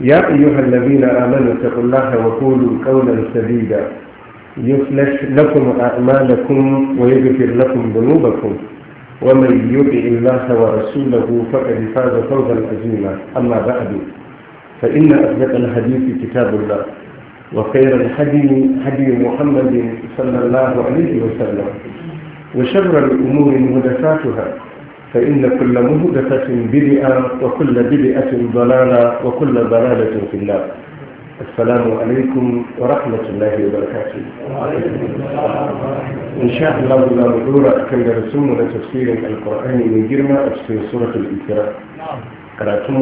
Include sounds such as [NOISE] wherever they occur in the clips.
يا أيها الذين آمنوا اتقوا الله وقولوا قولا سديدا يفلح لكم أعمالكم ويغفر لكم ذنوبكم ومن يطع الله ورسوله فقد فاز فوزا عظيما أما بعد فإن أصدق الحديث كتاب الله وخير الحديث هدي محمد صلى الله عليه وسلم وشر الأمور مدساتها فإن كل مهدفة بدئة وكل بدئة ضلالة وكل ضلالة في الله السلام عليكم ورحمة الله وبركاته إن شاء الله لا مدورة كان نرسم لتفسير القرآن من جرمة في سورة الإكراء قرأتم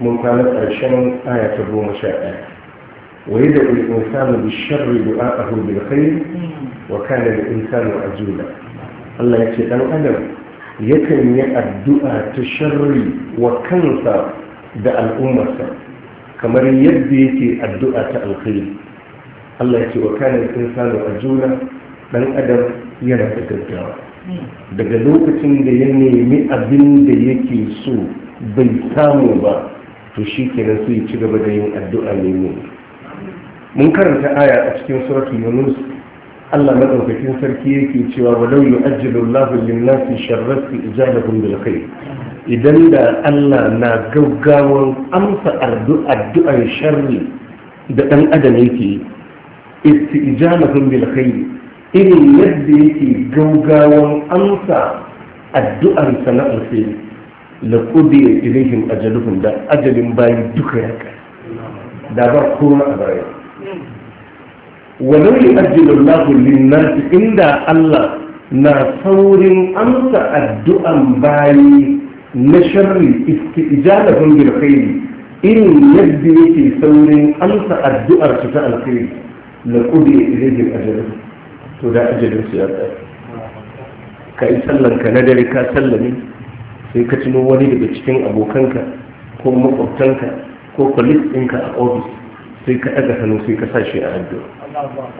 من كانت عشان آية أبو مشاعر ويدعو الإنسان بالشر دعاءه بالخير وكان الإنسان عجولا الله يكفي أن أدم yakan yi addu'a ta sharri wa kansa da al'ummarsa kamar yadda yake addu'a ta alkhairi Allah ya ce wa kanin insanu a juna dan adam yana da gaggawa daga lokacin da ya nemi abin da yake so bai samu ba to shi kenan sai ci gaba da yin addu'a ne mun karanta aya a cikin suratul yunus Allah madaukakin sarki yake cewa walau yu'ajjilu Allahu lin-nasi sharrati ijalahum bil khair idan da Allah na gaggawan amsa addu'ar sharri da dan adam yake istijalahum bil khair irin yadda yake gaggawan amsa addu'ar sana alkhair la qudiya ilayhim ajaluhum da ajalin bayi duka ya da ba kowa a baya walau yi ajiyar inda Allah na saurin amsa addu'an bayi na sharri istijalahun bil khairi irin yadda yake saurin amsa addu'ar su ta alkhairi la qudi ilayhi ajaluhu to da ajalin su ya tsaya ka yi sallan ka na dare ka sallame sai ka tuno wani daga cikin abokanka ko makwabtanka ko kwalis ɗinka a ofis sai ka ɗaga hannu sai ka sa shi a addu'a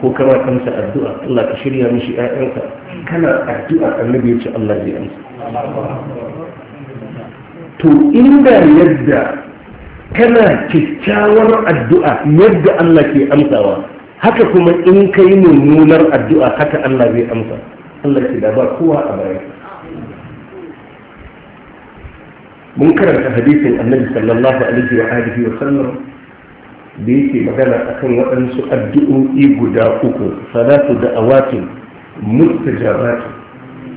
ko kana kansa addu'a Allah ka shirya mishi ƴaƴanka kana addu'a annabi ya ce Allah zai amsa to inda yadda kana kyakkyawar addu'a yadda Allah ke amsawa haka kuma in ka kai mummunar addu'a haka Allah zai amsa Allah ke da ba kowa a baya mun karanta hadisin annabi sallallahu alaihi wa alihi wa sallam da yake magana akan waɗansu addu'o'i guda uku salatu da awatin mustajabati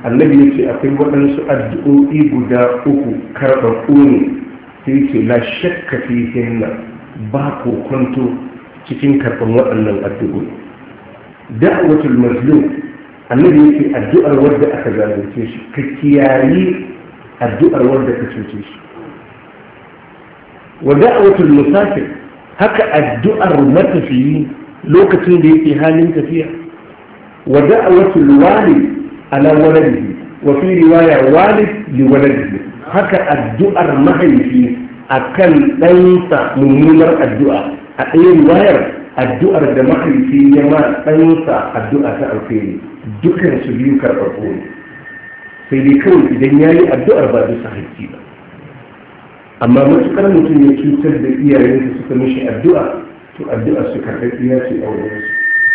annabi yace akwai waɗansu addu'o'i guda uku karɓar ne sai ce na shakka fihin ba ko kwanto cikin karɓar waɗannan addu'o'i da'watul mazlum annabi yake addu'ar wanda aka zalunce shi ka kiyayi addu'ar wanda ka cuce shi wa da'watul musafir haka addu'ar matafiyi lokacin da yake halin tafiya wa da'awatul walid ala waladihi wa fi riwaya walid li waladihi haka addu'ar mahaifi akan ɗansa mummunar addu'a a ɗaya riwayar addu'ar da mahaifi ya ma ɗansa addu'a ta alkhairi dukkan su biyu karɓar ne sai dai kawai idan ya yi addu'ar ba su haƙƙi ba amma matuƙar mutum ya cutar da iyayensa suka mishi addu'a to addu'a su karɓi ce a wurin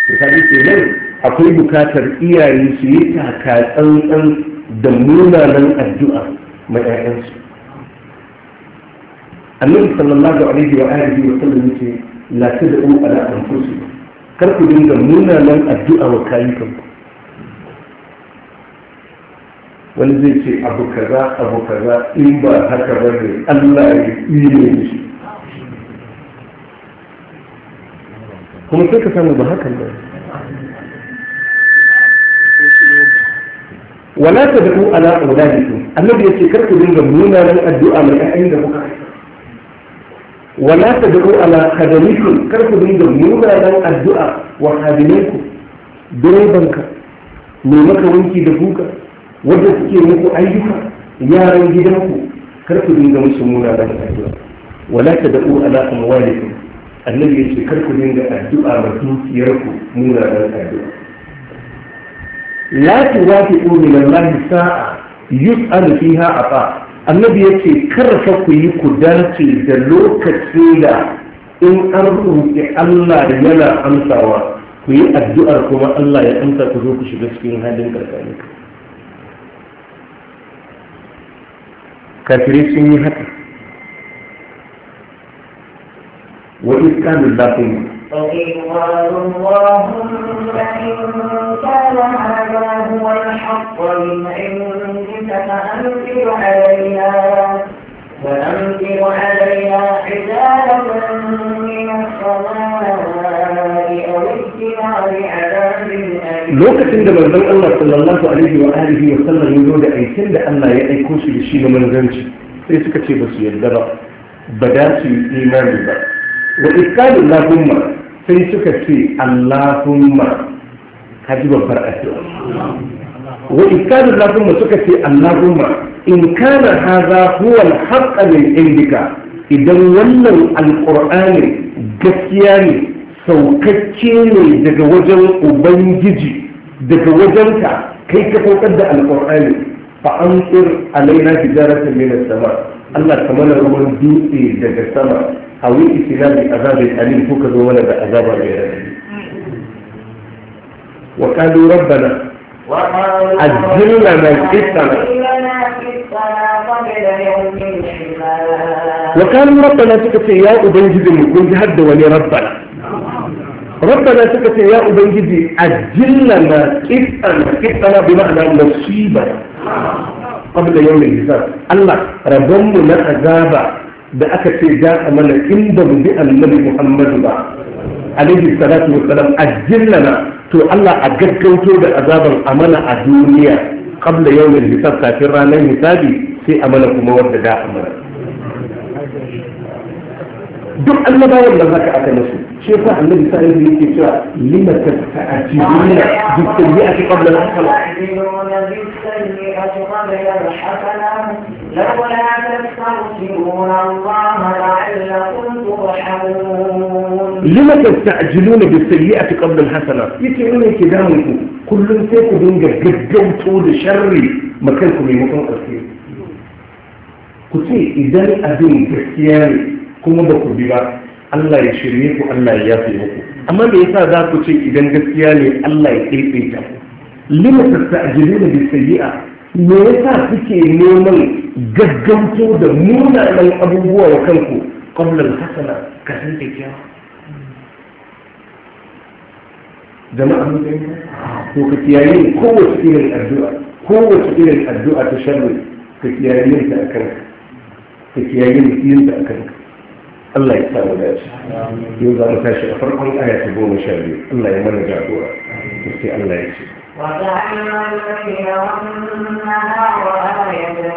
su ta ke nan akwai bukatar iyaye su yi taka tsantsan da munanan addu'a ma 'ya'yansu annabi sallallahu alaihi wa alihi wa sallam yace la tad'u ala anfusikum kar ku dinga munanan addu'a wa kayukan wani zai ce abu kaza abu kaza in ba haka ba ne allah ya ne shi kuma sai ka samu ba hakan ba wala ta da ku ala auladikum annabi yace kar ku dinga munanan addu'a mai ayin da kuka wala ta da ku ala khadamikum kar ku dinga munanan addu'a wa dai direbanka mai maka wanki da kuka wanda suke muku ayyuka yaran gidanku kar ku dinga musu muna da addu'a wala ta da'u ala amwalikum annabi yace kar ku dinga addu'a ba muna dukiyarku da addu'a la tuwafiqu min Allah sa'a yus'alu fiha afa annabi yace kar fa ku yi ku dace da lokaci da in an roƙi Allah da yana amsawa ku yi addu'ar kuma Allah ya amsa ku zo ku shiga cikin halin karkani كثيرين sun yi وإذ كان iskanul فإن قالوا اللهم إن كان هذا هو الحق من عندك فأنزل علينا فأنكر علينا حجالة من الصلاة أو اجتمار عذاب الله صلى الله عليه وآله وسلم يقول أي سنة أن لا يكون شيء بشيء من ليس كتير بس يدرى بدأت إيمان بها وإذ قال اللهم فإن سكت اللهم هذه ببرأة wa iskadin lahumma suka ce allahumma in kana haza huwa alhaqqa min indika idan wannan alqur'ani gaskiya ne saukakke ne daga wajen ubangiji daga wajenka kai ka saukar da alqur'ani fa amsir alaina tijaratan min as-sama Allah ka mana ruwan dutse daga sama hawi islami azabin alim ko ka zo mana da azabar mai rabi wa qalu rabbana عجل من السماء وكان ربنا تكتي يا أبنجد من هد ولي ربنا ربنا تكتي يا أبنجد عجل لنا إثنا إثنا بمعنى مصيبة قبل يوم الحساب الله ربنا عذابا da aka ce za a mana in ba mu bi annabi Muhammadu ba alaihi salatu wassalam ajjil lana to Allah a gaggauto da azaban amana a duniya qabla yawmin hisab kafin ranar hisabi sai amana kuma wadda da amana duk annabawan da zaka aka nasu shi yasa annabi sai da yake cewa lima tasajiluna bi sayyi'ati qabla al-hasana لولا تستغفرون الله لعلكم ترحمون لما تستعجلون بالسيئة قبل الحسنة يتعون كدامكم كل سيكو دنجا قدوتو لشري مكانكم يمكن الخير كتير إذا أبين كريستياني kuma ba ku bi ba Allah ya shirye ku Allah ya yafe muku amma me yasa za ku ce idan gaskiya ne Allah ya kirkire ta lima tasta'jiluna bis sayyi'a me yasa kuke neman gaggauto da munanan abubuwa wa kanku qabla al-hasana ka san da kyawa jama'a mu mun to ka kiyaye kowace irin addu'a kowace irin addu'a ta sharri ka kiyaye ta akan ka kiyaye yin ta akan ka الله يكتب الناس يوضر الفاشة أخرى كل آية تبون شابه الله يمنع جعبورة تفتي الله يكتب وتعلم الليل والنهار آية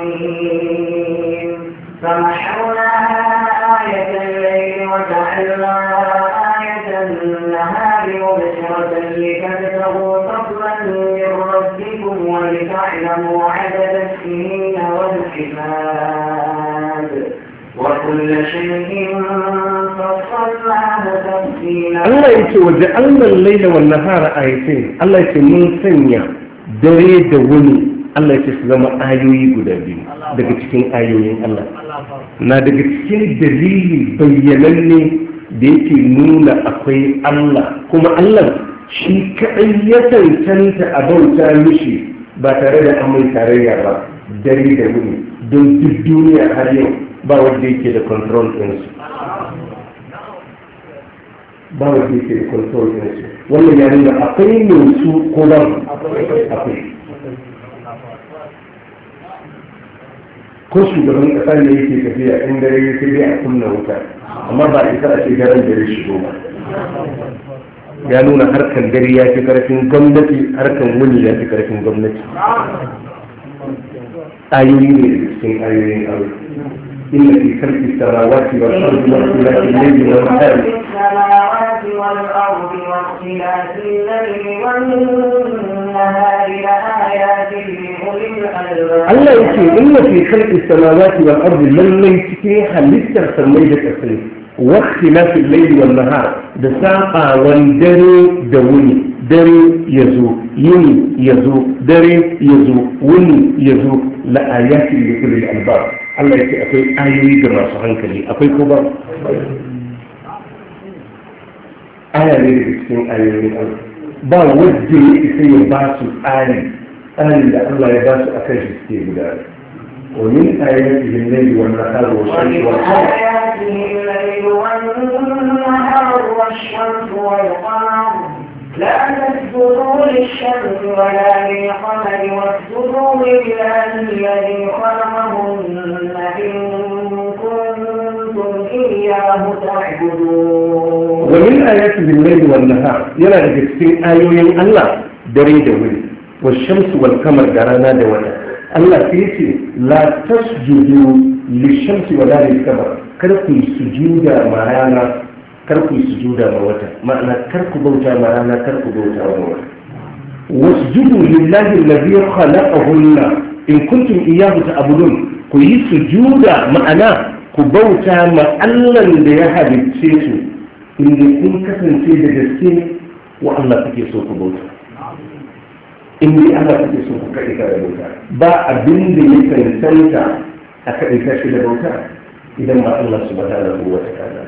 فمحى كل waje-waje, تفصيلا الله يتي وجعلنا الليل والنهار Allah ya ce mun sanya dare da wuni Allah ce su zama ayoyi guda biyu daga cikin ayoyin Allah na daga cikin dalili ne da yake nuna akwai Allah kuma Allah shi kaɗai ya tantanta a bauta mishi ba tare da amai tarayya ba dare da wuni don duk duniya har yau ba wanda yake da control ɗinsu ba wanda yake da control ɗinsu wannan ya nuna akwai su ko ba akwai ko shugaban kasa ne yake tafiya in dare ya sai dai a kunna wuta amma ba a isa a ce da dare shigo ba ya nuna harkar dare ya fi karfin gwamnati harkar wuni ya fi karfin gwamnati ayoyi ne da cikin ayoyin aure إن في خلق السماوات والأرض واختلاف الليل والنهار السماوات والأرض واختلاف الليل والنهار لآيات لأولي الألباب الله يقول إن في خلق السماوات والأرض من ليتكيها لسه سميت التسليم واختلاف الليل والنهار ده ساقا والدري دوني دري يزو يني يزو دري يزو وني يزو لآيات لكل الألباب التي أكي آيوي قرر صحنكني أكي كبر آية ليلة بسكين آية من أول با ودي إسي يباس آية آية الله يباس أكي جسكين بداري ومن آياته الليل والنهار والشمس والقمر ومن آياته الليل والنهار والشمس والقمر لا تسجد اسجدوا للشمس ولا للقمر واسجدوا لله الذي خلقهن إن كنتم إياه تعبدون ومن آياته الليل والنهار يلا يجسين آيوين الله دريد ولي والشمس والقمر درانا دولا الله فيتي لا تسجدوا للشمس ولا للقمر kada ku yi sujuda ma rana kar ku yi sujuda ma wata ma'ana kar ku bauta ma rana kar ku bauta ma wata wasjudu lillahi alladhi khalaqahunna in kuntum iyyahu ta'budun ku yi sujuda ma'ana ku bauta ma Allah da ya halicce su inda kun kasance da gaske ne wa Allah kuke so ku bauta in dai Allah kuke so ku kaɗe da bauta ba abin da ya cancanta a kaɗe shi da bauta idan ba Allah subhanahu wa ta'ala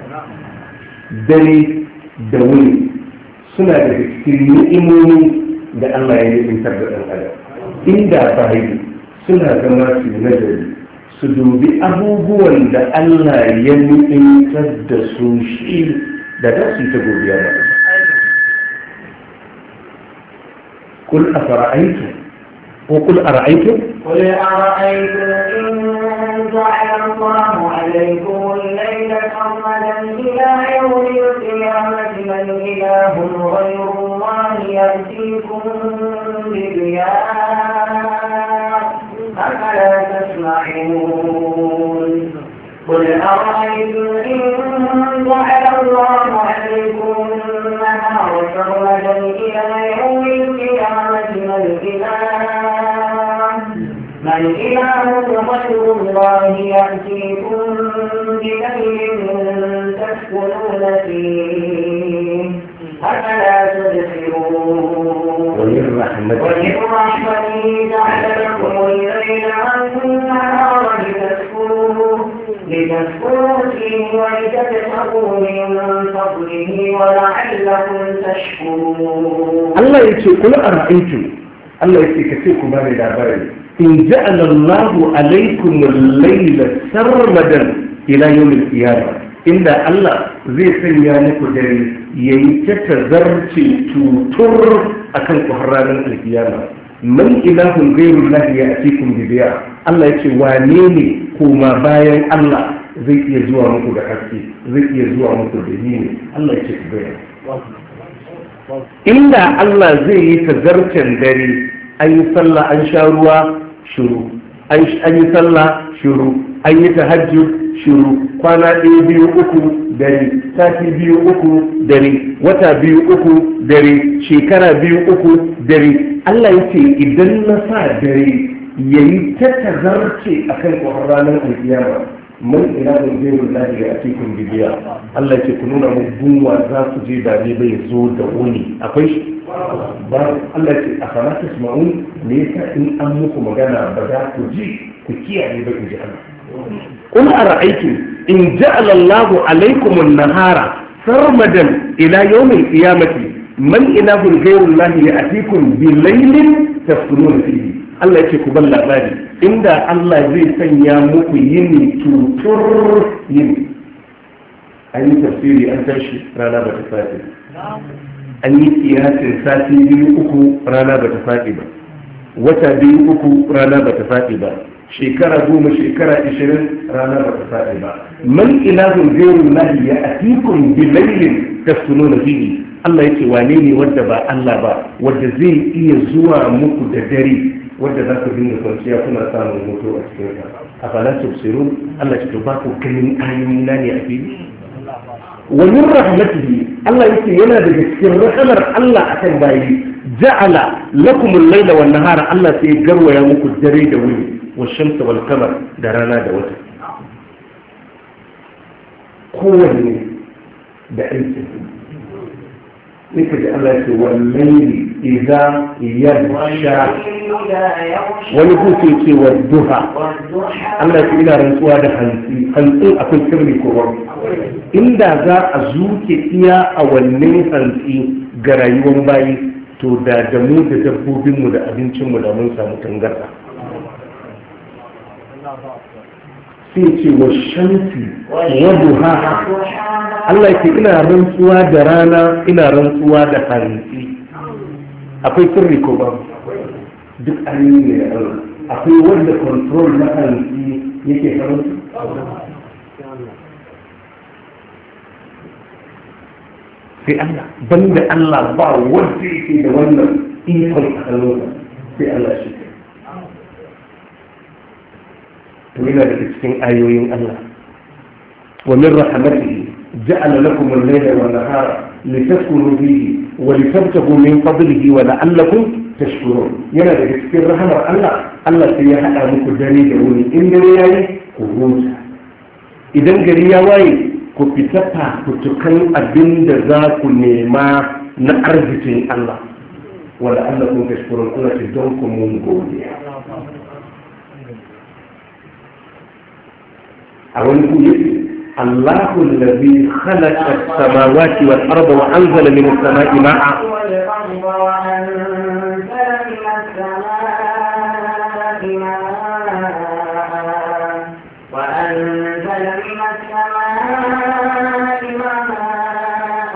dare da wuni suna da cikin ni'imomi da Allah ya yi da ɗan adam inda ba bayi suna zama su nazari su dubi abubuwan da Allah ya nufintar da su shi da za su yi ta godiya ba Kul a fara'aitu وقل أرأيتم قل أرأيتم إن جعل الله عليكم الليل سرمدا إلى يوم القيامة من إله غير الله يأتيكم بضياء أفلا تسمعون قل أرأيتم إن جعل الله عليكم الإله غير الله يأتيكم بليل تسكنون فيه أفلا تبصرون ومن رحمته جعلكم الليل والنهار لتسكنوه لتسكنوا فيه ولتبتغوا من فضله ولعلكم تشكرون الله يقول قل أرأيتم الله يقول كثيركم ما من in ja'ala Allahu alaikum al-layla sarmadan ila yawm al-qiyamah inda Allah zai sanya muku dare yayi ta tazarce cutur akan ku har ranar al-qiyamah man ilahun ghairu Allah ya atikum wane ne kuma bayan Allah zai iya zuwa muku da haske zai iya zuwa muku da yini Allah inda Allah zai yi tazarcen dare an yi sallah an sha ruwa Shuru an yi sallah shiru an yi tahajjud shiru kwana ɗaya biyu uku dare sati biyu uku dare wata biyu uku dare shekara biyu uku dare Allah ya ce idan na sa dare yayi ta tazarce akan ƙwarar ranar alkiyama ina ilahun zai lahi ya ake cikin bibiya Allah ce ku nuna mu gunwa za su je da ne bai zo da wani akwai shi ba Allah ce a fara tasma'un me yasa in an muku magana ba za ku ji ku kiyaye ba ku ji Allah kun ara'aikin in ja'ala Allahu alaikum an-nahara sarmadan ila yawm al-qiyamati man ilahun zairu lahi ya bi laylin taskununa fihi Allah ya ce ku ban labari inda Allah zai sanya muku yin tutur yin, an yi tafsiri an tashi rana ba ta faɗi an yi kiyasin sati biyu uku rana ba ta faɗi ba wata biyu uku rana ba ta faɗi ba shekara goma shekara ishirin rana ba ta faɗi ba man ilahun gairun lahi ya atikun bilailin na fihi Allah yake wane ne wadda ba Allah ba wadda zai iya zuwa muku da dare wanda za ku dinga kwanciya kuna samun mutu a cikin ka a fala tafsiru Allah ya ba ku ganin ayoyi na ne a fili wa min rahmatihi Allah yake yana da cikin rahamar Allah akan bayi ja'ala lakum al-layla wa an nahara Allah sai garwaya muku dare da wuri wa shamsa wal qamar da rana da wata kowanne da aiki ne kaje Allah ya ce wal layli إذا يغشى ونفوسي كي والدها الله يقول إلى رسوها ده خلصي خلصي أكل سرني كورو إن دا ذا أزوك إيا أولين خلصي غرايوان باي to da da mu da dabbobinmu da abincinmu da mun samu tangarda sai ce wa wa duha Allah ke ina rantsuwa da rana ina rantsuwa da hantsi akwai sirri ko ba duk an yi ne akwai wanda control na kansu yake sarauta sai Allah banda Allah ba wanda yake da wannan ikon a kanunsa sai Allah shi to yana daga cikin ayoyin Allah wa min rahmatihi ja'ala lakum al-layla wa an-nahara litaskunu fihi ولتبتغوا من فضله ولعلكم تشكرون yana da cikin rahamar Allah Allah sai ya haɗa muku dare da wuni in ku huta idan gari ya waye ku fita fafutukan abin da za ku nema na arzikin Allah don ku mun a wani الله الذي خلق السماوات والأرض وأنزل من السماء ماء وَأَنزَلَ مِنَ السَّمَاءِ مَاءً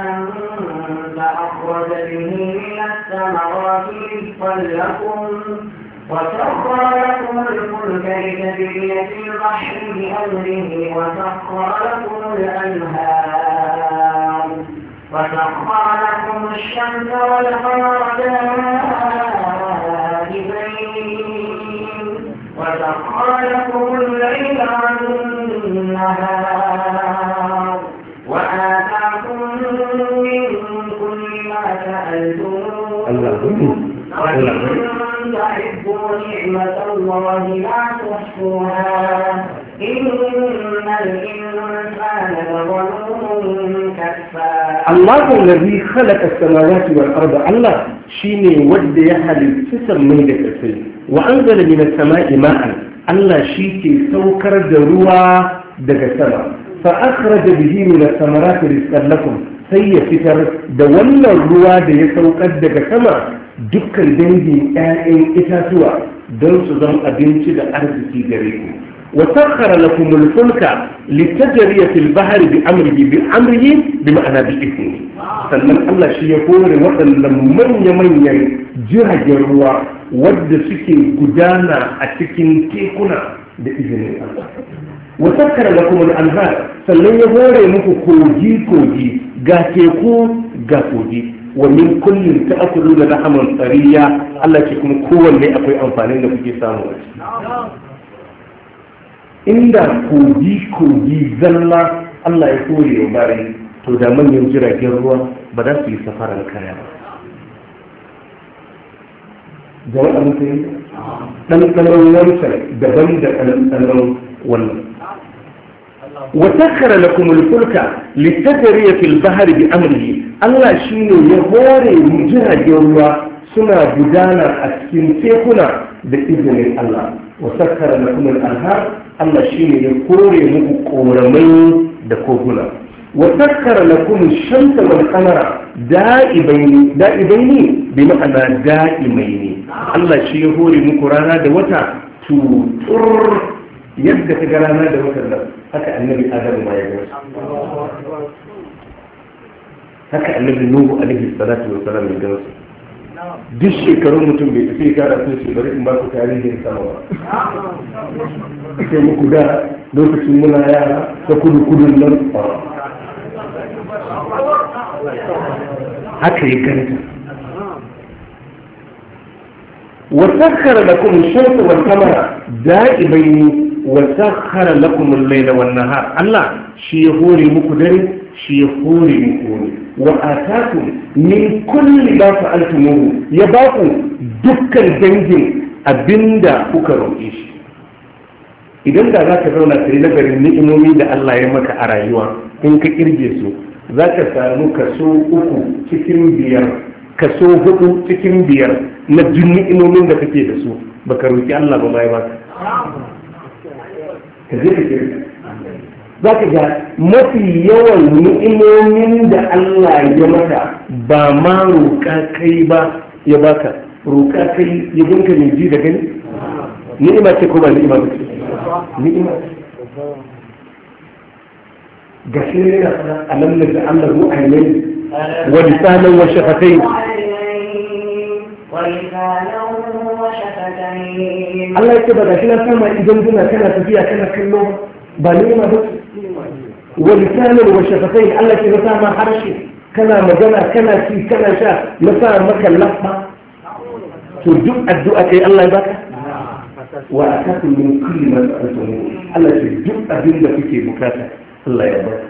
فَأَخْرَجَ به من الثمرات رزقا لكم كيف بيد البحر بأمره وسخر لكم الأنهار وسخر لكم الشمس والقمر دائبين لكم الليل وآتاكم من كل ما سألتموه نعمة الله لا تحصوها الله الذي خلق السماوات والأرض الله شيني ود يحل السسر من جسسي وأنزل من السماء ماء الله شيكي سوكر دروى دجسما فأخرج به من الثمرات رسال لكم سيفتر دولا الروا دي سوكر دقسما dukkan dangin 'ya'yan itatuwa don su zama abinci da arziki gare ku وسخر لكم bi لتجري في البحر بأمره بأمره بمعنى بإذنه sannan Allah shi ya kore waɗannan manya-manyan jiragen ruwa wadda suke gudana a cikin tekuna da izinin Allah. Wasakkar da kuma anhar sannan ya hore muku kogi-kogi ga teku ga kogi wa min kullum ta akulu da lahaman tsariya Allah ce kuma kowanne akwai amfanin da kuke samu inda kogi kogi zalla Allah ya kore wa bari to da manyan jiragen ruwa ba za su yi safaran kaya ba jama'a mutum ɗanɗanon wancan daban da ɗanɗanon wannan وسخر لكم الفلك لتجري في البحر بأمره الله شيني يهوري مجهد يروى سنة بدانا أسكن تيكونا بإذن الله وسخر لكم الأنهار الله شيني يكوري مقورمين دكوهنا وسخر لكم الشمس والقمر دائبين دائبين بمعنى دائمين الله شيني يهوري مقرانا دوتا تطر yadda ka gara na da watan nan haka annabi adam ma ya gani haka annabi nuhu alaihi salatu wa salam ya gani duk shekarun mutum bai tafi kara sun shi bari in ba su tarihin sama ba sai muku da lokacin muna yara ta kudu kudun nan haka ya ganta وسخر لكم الشمس والقمر دائبين wa sakhara lakum al-layla wan nahar Allah shi ya hore muku dare shi ya hore muku ne wa atakum min kulli ma fa'altumuhu ya ba ku dukkan dangin abinda kuka roƙe shi idan da za ka zauna ka yi nazarin ni'imomi da Allah ya maka a rayuwa in ka kirge su za ka samu kaso uku cikin biyar kaso hudu cikin biyar na duk ni'imomin da kake da su baka roƙi Allah ba bai za ka ga mafi yawan ni'imomin da Allah ya maka ba ma roƙa kai ba ya baka roƙa kai ya gunka mai ji da gani ni'ima ce ko ba ni'ima ba ce ni'ima ga shi ne na fara alamnin da Allah mu'ayyai wa lisanan wa shafatai wa lisanan Allah yake ba gashi na sama idan duna kana tafiya kana kallo ba nema ba wa lisanin wa shafatai Allah ke na sama harshe kana magana kana ci kana sha na sa maka lafa to duk addu'a kai Allah ya baka wa ataku min kulli ma ta'lamu Allah ce duk abin da kuke bukata Allah ya baka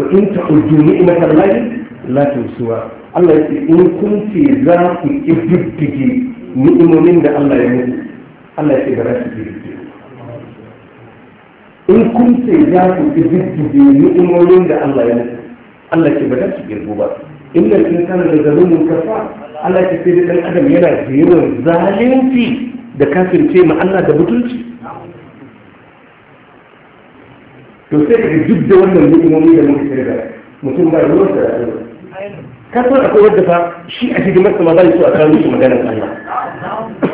wa in ta'uddu ni'matallahi latin suwa Allah ya ce in kun ce za ku kididdige ni'imomin da Allah ya muku Allah ya ce ba za ku kididdige in kun ce za ku kididdige ni'imomin da Allah ya muku Allah ya ce ba za su girgo ba inna al-insana da zalumun kafa Allah ya ce sai dan adam yana da zalunci da kafirce ma Allah da butulci to sai ka duk da wannan ni'imomi da muka shirya mutum ba ruwan da ka san akwai wadda fa shi a cikin masa ma zai su a kawo shi magana Allah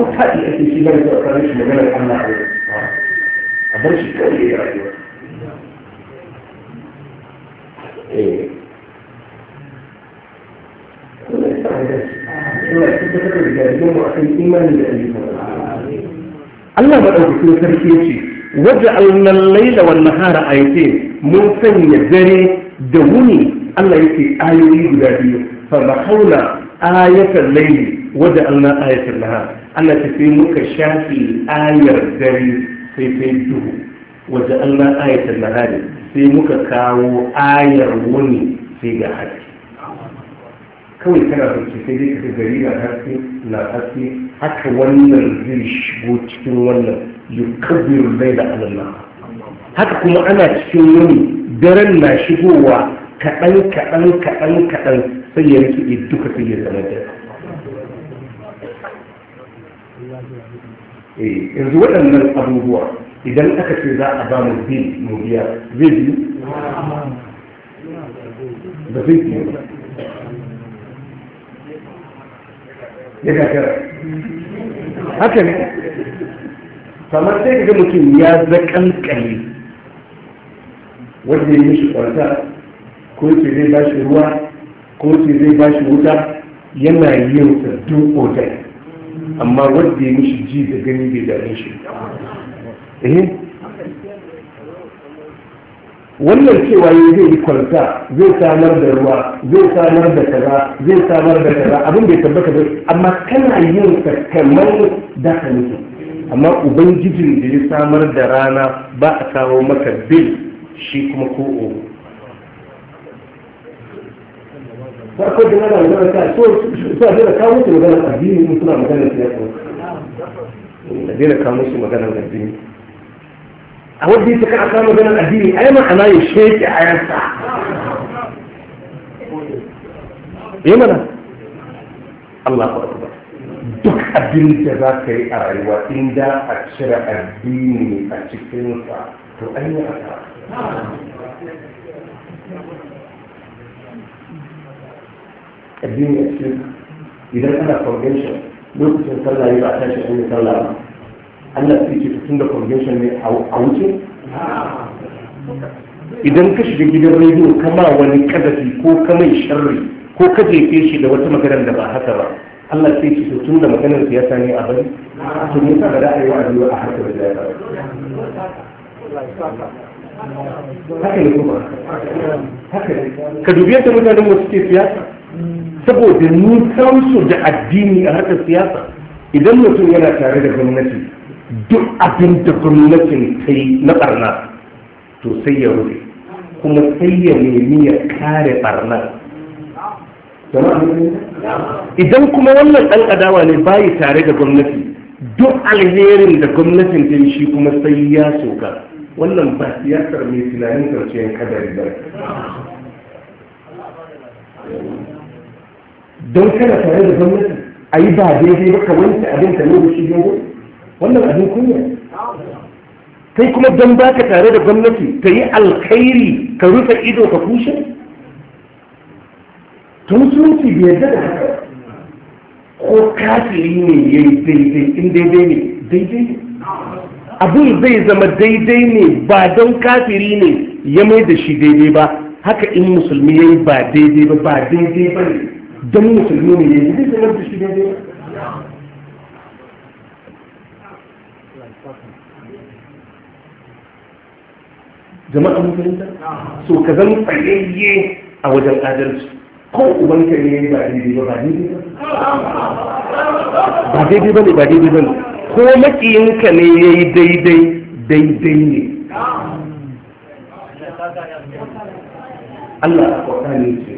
ko a cikin a kawo shi Allah a bar shi kawai ya rayuwa Allah maɗaukakin sarki ce wajen alnan laila wannan hara a mun sanya dare da wuni Allah yake ayoyi guda biyu fa bahawna ayatan layli wajen Allah ayatan nahar Allah ta sai muka shafi ayar dare sai sai duhu wajen Allah ayatan nahar sai muka kawo ayar wuni sai ga haske kawai kana zance sai dai ka gari na haske na haske haka wannan zai shigo cikin wannan yukabbir laila ala Allah. haka kuma ana cikin wuni daren na shigowa kaɗan kaɗan kaɗan kaɗan sai ya rikide duka sai ya sanar da eh, yanzu waɗannan abubuwa idan aka ce za a ba mu bil mu biya zai biyu ba zai biyu ba ya gagara haka ne kamar sai ga mutum ya zaƙanƙani wanda ya yi shi kwanta ko ce zai ba shi ruwa ko ce zai ba shi wuta yana yin sa otal amma wanda ya mishi ji da gani bai dame shi eh wannan cewa yi zai yi kwalta zai samar da ruwa zai samar da kaza zai samar da kaza abin bai tabbata ba amma kana yin sa kamar da ka nufi amma ubangijin da ya samar da rana ba a kawo maka bil shi kuma ko'o. فأقول لنا لو هناك كان سور سور دينا كاموس مجانا أديني مثلا مجانا سياسة دينا كاموس مجانا أديني أود دي تكون أقام مجانا هناك أي معنى يشيك عيسى يمنا الله أكبر duk abin da za ka yi a rayuwa inda a cire addini a cikinsa to an yi a addini a cikin idan ana convention lokacin sallah ba a tashi an yi sallah ba Allah sai ce tun da convention ne a wuce idan ka shiga gidan rediyo kama wani kadafi ko ka mai sharri ko ka jefe shi da wata maganar da ba haka ba Allah sai ce tun da maganar siyasa ne a bari to me yasa ba da ayi wa'azi a haka da ya haka ne kuma haka ne ka dubi yadda mutanen mu suke siyasa saboda nisansu da addini a harkar siyasa idan mutum yana tare da gwamnati duk abin da gwamnatin ta yi na barna to sai ya rufe kuma sai ya nemi ya kare barna idan kuma wannan ɗan adawa ne bayi tare da gwamnati duk alherin da gwamnatin ta yi shi kuma sai ya soka wannan ba siyasar mai tunanin karshen kadari ba don kada tare da gwamnati a yi ba daidai ba ka wanke abin ka da shi dogo wannan abin kunya kai kuma don ba ka tare da gwamnati ta yi alkhairi ka rufe ido ka kushe Tun sun bai biyar da haka ko kafiri ne ya yi daidai in daidai ne daidai ne abin zai zama daidai ne ba don kafiri ne ya mai da shi daidai ba haka in musulmi ya yi ba daidai ba ba daidai ba ne don musulmi ne yanzu zai zama da shi ne jama'a musulunta so ka zan tsayayye a wajen adalci ko ubanka ne ba daidai ba ba daidai ba ba daidai ba ne ba daidai ba ne ko makiyinka ne ya yi daidai daidai ne Allah a kwata ne ce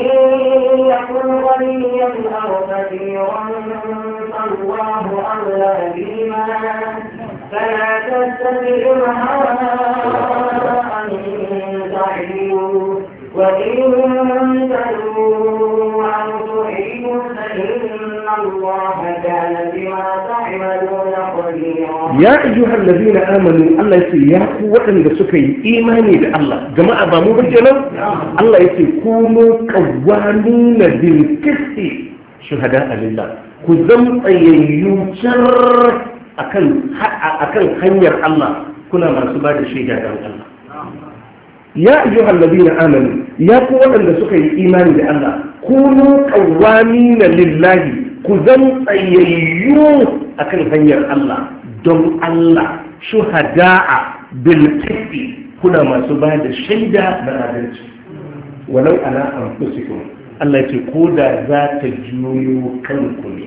إن يكن غنيا أو كثيرا فالله أغلى بهما فلا تستطيعها أن تعيوا وإن تلووا أو تعيدوا فإن الله كان بما تعملون ya ayyuhal na amanu Allah yace ya ku waɗanda suka yi imani da Allah jama'a ba mu bace nan Allah yace kunu qawwamina bil qisti shuhada lillah ku zam tsayayyu akan akan hanyar Allah kuna masu ba da shaida ga Allah ya ayyuha na amanu ya ku waɗanda suka yi imani da Allah kunu qawwamina lillahi ku zan tsayayyu akan hanyar Allah don Allah shuhada'a bil qisti kuna masu ba da shaida na adalci walau ala anfusikum Allah ce ko da za ta juyo kanku ne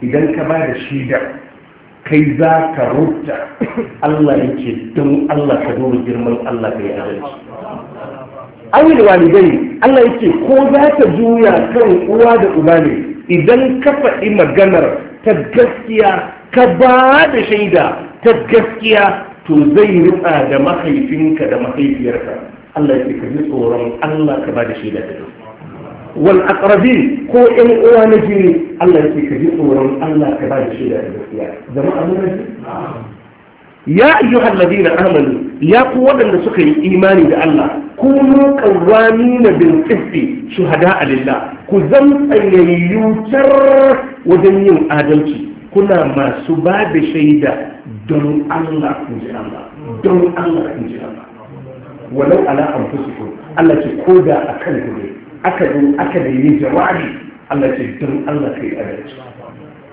idan ka ba da shaida kai za ka rubuta Allah yake don Allah ka duba girman Allah ka yi adalci ayyul walidai Allah yake ko za ta juya kan uwa da uba ne idan ka faɗi maganar ta gaskiya ka ba da shaida ta gaskiya to zai ritsa da mahaifinka da mahaifiyarka Allah ya ka ji tsoron Allah ka ba da shaida ta gaskiya wal aqrabin ko ɗan uwa na jini Allah ya ka ji tsoron Allah ka ba da shaida ta gaskiya jama'a mun ya ayyuhal ladina amanu ya ku waɗanda suka yi imani da Allah kunu qawwamina bil qisti shuhada lillah ku zan tsayayyu wajen yin adalci kuna masu ba da shaida don Allah in ji Allah don Allah in ji Allah walau ala anfusikum Allah ce ko da akan ku ne aka zo aka da yi jawabi Allah ce don Allah ka kai adalci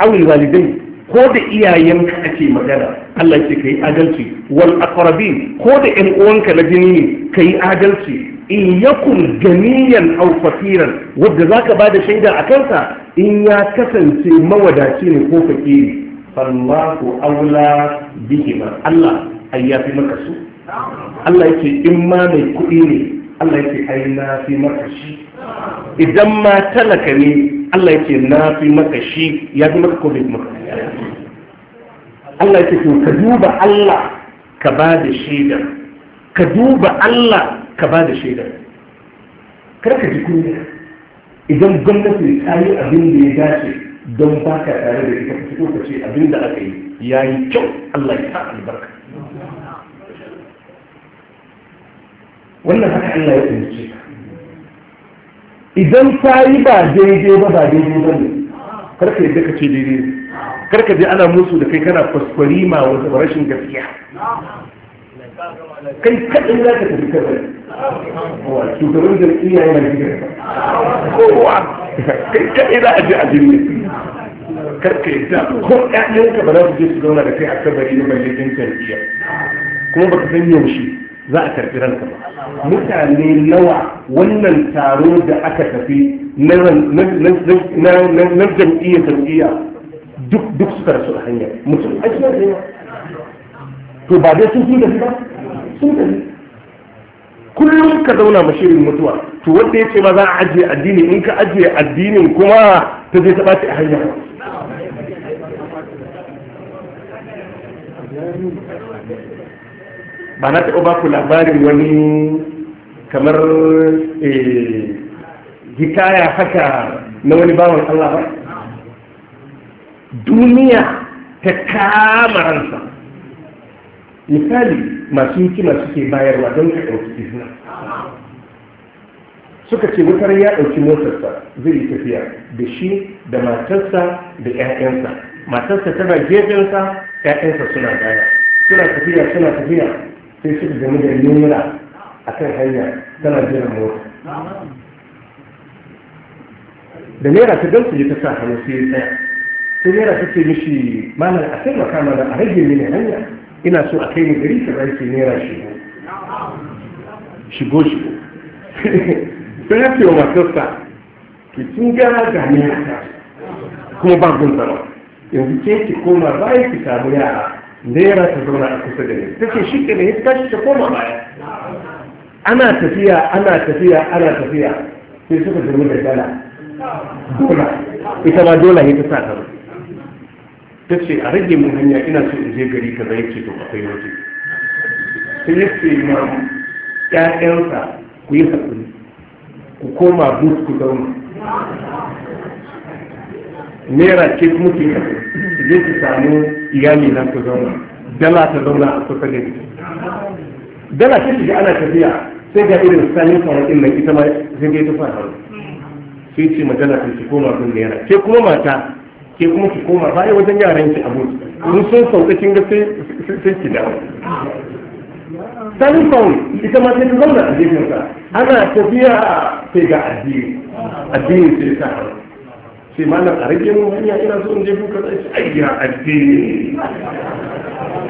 awil walidai ko da iyayenka ake magana Allah ce ka kai adalci wal aqrabin ko da 'yan uwanka na jini ne yi adalci in yakun ganiyan aw fakiran wanda zaka bada shaida a kansa in ya kasance mawadaci ne ko fakiri sallahu aula ma Allah ai ya fi maka su Allah yake in ma mai kuɗi ne Allah yake ai na fi maka shi idan ma talaka ne Allah yake na fi maka shi ya fi maka covid maka Allah yake to ka duba Allah ka ba da shaida ka duba Allah ka ba da shaidar kar ka ji kunya idan gwamnati ta yi abin da ya dace don ba ka tare da ita fito ka ce abin da aka yi ya yi kyau Allah ya sa albarka wannan haka Allah ya tsinci idan ta yi ba daidai ba ba daidai ba ne karka yadda ka ce daidai karka je ana musu da kai kana kwaskwari ma wata rashin gaskiya kai kaɗin za ka tafi kawai shugaban jam'iyya yana gida kowa kai kaɗai za a je a jirgin karka yadda ko ƴaƴanka ba za su je su zauna da kai a kabari na mallin jam'iyya kuma baka san yaushe za a karɓi ranka ba mutane nawa wannan taro da aka tafi na jam'iyya jam'iyya duk duk suka rasu a hanya mutum a cikin to ba dai sun fi da ba sun tafi kullum ka zauna mashirin mutuwa to wanda ya ce ma za a ajiye addini in ka ajiye addinin kuma ta zai ta ɓaci a hanya ba na taɓa ba ku labarin wani kamar hikaya haka na wani bawan Allah ba duniya ta kama ransa misali masu hikima suke bayarwa don ka ɗauki izina suka ce wutar ya ɗauki motarsa zai yi tafiya da shi da matarsa da 'ya'yansa matarsa tana gefensa 'ya'yansa suna baya suna tafiya suna tafiya sai suka gami da yunwa a kan hanya tana jiran mota da naira ta gamsu ya ta sa hannu sai ya tsaya sai naira ta ce mishi malam a taimaka mana a rage mini hanya ina so a kai ni gari ka zaki naira shigo shigo shigo [LAUGHS] sai ya ce wa matarsa ki kin gara ga ne kuma ba gun tsaro yanzu ke ki koma baya ki samu yara naira ta zauna a kusa da ni ta ce shi ke ne ta ta koma baya ana tafiya ana tafiya ana tafiya sai suka zama da dala dola ita ma dola ne ta sa ta ta ce a rage mun hanya ina so in je gari ka zai ce to akwai waje sai ya ce ma ƴaƴansa ku yi haƙuri ku koma bus ku zauna naira ce kuma ke haƙuri ku je ku samu iyali na ku zauna dala ta zauna a kusa da ni dala ta shiga ana tafiya sai ga irin sanin kwanakin nan ita ma zai ta fara sai ce ma dala ta ce koma bin naira ke kuma mata ke kuma ki koma baya wajen yaran ki abu in sun sauka kin ga sai sai ki da sanin faun ita ma sai ta da a sa ana tafiya sai ga addini addini sai ta sai malam a rage mun hanya ina so in je kuka sai ai ya addini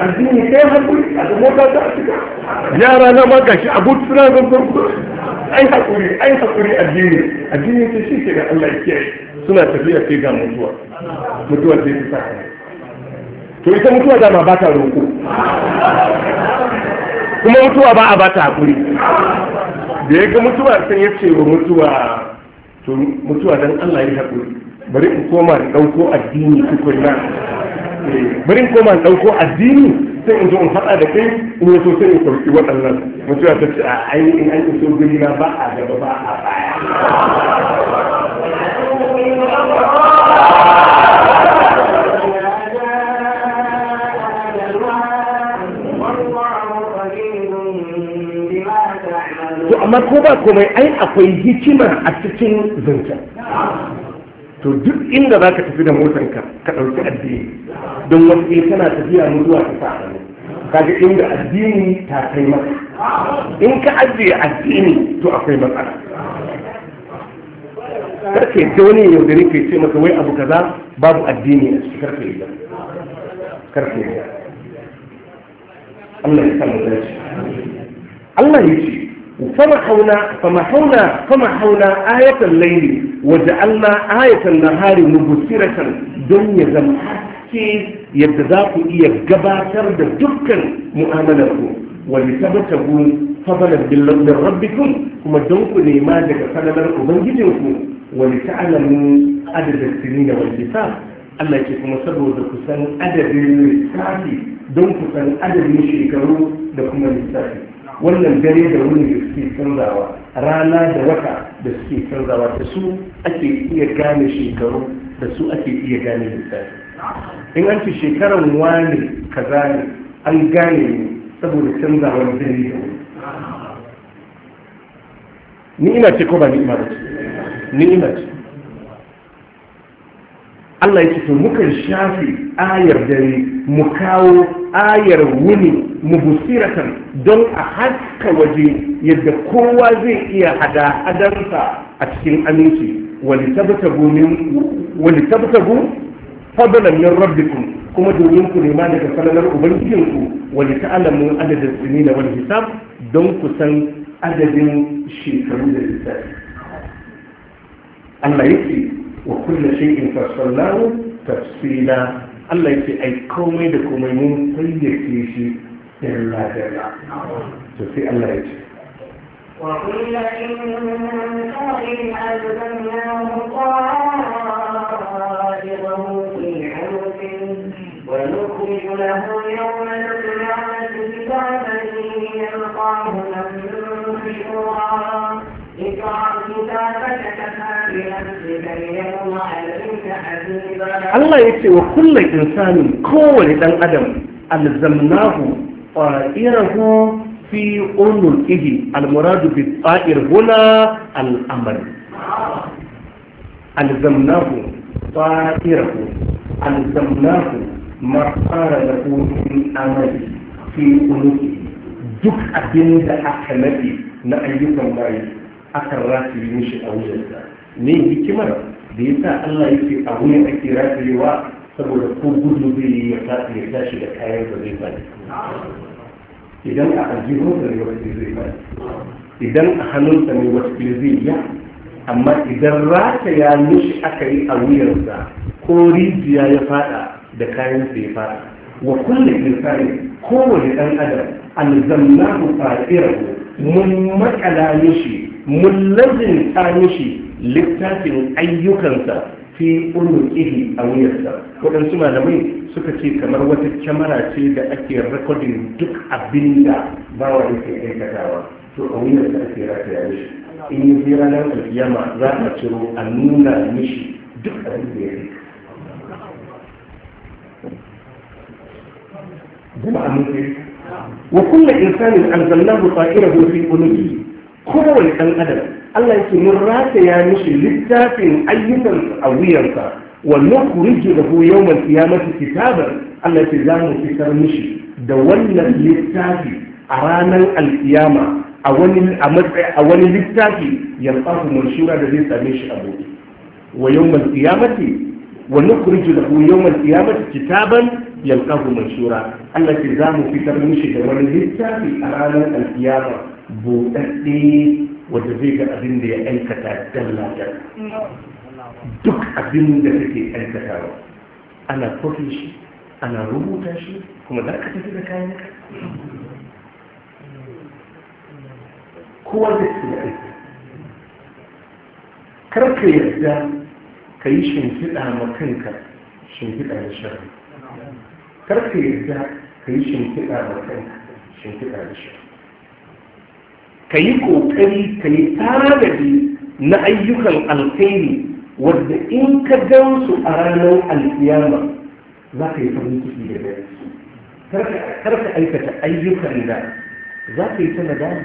addini kai hakuri a da mota ta shiga yara na ma gashi abu suna zan farko ai hakuri ai hakuri addini addini sai shi ke da Allah ya kiyaye suna tafiya sai ga mutuwa mutuwa sai ta sa to ita mutuwa dama ba ta roƙo kuma mutuwa ba a ba ta hakuri da ya ga mutuwa sai ya ce wa mutuwa to mutuwa dan Allah ya hakuri bari in koma in ɗauko addini tukunna eh, bari in koma in ɗauko addini sai in zo in faɗa da kai in yi sai in sauki waɗannan mutuwa ta ce a ainihin in an iso guri na ba a gaba ba a baya to amma ko ba komai ai akwai hikima a cikin zancen to duk inda za ka tafi da motanka ka ɗauki addini don wasu eh, tana tafiya mu zuwa ta sa kaga inda addini ta kai maka in ka ajiye addini to akwai matsala kake ji wani yaudari ka ce maka wai abu kaza babu addini a cikin karfe ya karfe ya Allah ya samu dace Allah ya ce fama hauna fama fama hauna ayatan laili wa ja'alna ayatan nahari mubsiratan don ya zama haske yadda za ku iya gabatar da dukkan mu'amalar ku wa li tabtagu fadlan bil rabbikum kuma don ku nema daga sanadar ubangijinku wani ta'alamin adadin sini da wani Allah ke kuma saboda ku san adadin lissafi don ku san adadin shekaru da kuma lissafi wannan dare da wuni da suke canzawa rana da wata da suke canzawa da su ake iya gane shekaru da su ake iya gane lissafi in an ce shekaran wani kaza ne an gane ne saboda canzawar dare da wuni ni ina ce ko ba ni ina ba ce nimet Allah ya to mukan shafi ayar dare mu kawo ayar wuni mu busiratan don a haska waje yadda kowa zai iya hada adansa a cikin aminci wani tabtabu fadalan min rabbikum kuma domin ku nema daga falalar ubangijinku wani ta'alamin adadin sinina wani hisab don ku san adadin shekaru da lissafi أما يكفي وكل شيء فصلناه تفصيلا الله يكفي أي كومي دكومي مون تيكي طيب شيء إلا جلا تفي الله يكفي وكل إنسان أزلناه طائره في حلف ونخرج له يوم القيامة كتابا يلقاه منه في إطعام كتابك Allah ya ce wa kullum insanin kowane ɗan adam alzamnahu ƙwa'irahu fi ƙunul ihi almuradu bi tsa'ir huna al'amar alzamnahu ƙwa'irahu alzamnahu mafara da ƙunin amari fi ƙunul duk abin da aka nabi na ayyukan bayi aka rafi shi a wujensa ne hikimar da ya sa Allah yake abu ne ake ratayewa saboda ko gudu zai yi ya tashi da kayan da zai bani idan a aljihu da ne wata zai bani idan a hannunsa ne wata zai ya amma idan rata ya mishi aka yi a wuyarsa ko rijiya ya fada da kayansa ya fada wa kulle insani kowane dan adam alzamnahu fa'irahu mun makala mishi mun ta mishi littafin ayyukansa fi ihi a wuyarsa waɗansu malamai suka ce kamar wata kyamara ce da ake rekodin duk abin da bawa yake aikatawa to a wuyarsa ake rataya mishi in yi zira da alkiyama za a ciro a nuna mishi duk abin da ya yi jama'a mun wa kullu insanin anzalnahu ta'irahu fi unuqihi kowane ɗan adam Allah yake mun rataya mishi littafin ayyukan a wuyansa wa nukhriju lahu yawmal qiyamati kitaban Allah yake za mu fitar mishi da wannan littafi a ranar alkiyama a wani a matsayi a wani littafi yalqahu manshura da zai same shi a buɗe wa yawmal qiyamati wa nukhriju lahu yawmal qiyamati kitaban yalqahu manshura Allah yake za mu fitar mishi da wani littafi a ranar alkiyama buɗaɗɗe wanda zai ga abin da ya aikata dalla da duk abin da aikata aikatawa ana kofin shi ana rubuta shi kuma za ka tafi da kayan ka kowa da su da aiki kar ka yarda ka yi shimfiɗa ma kanka shimfiɗa da shi. kar ka yarda ka yi shimfiɗa ma kanka shimfiɗa da shi. ka yi ƙoƙari tarabi na ayyukan alkhairi wanda in ka gan su a ranar alkiyama za ka yi farin ciki da dare kar ka aikata ayyukan da za ka yi ta nadama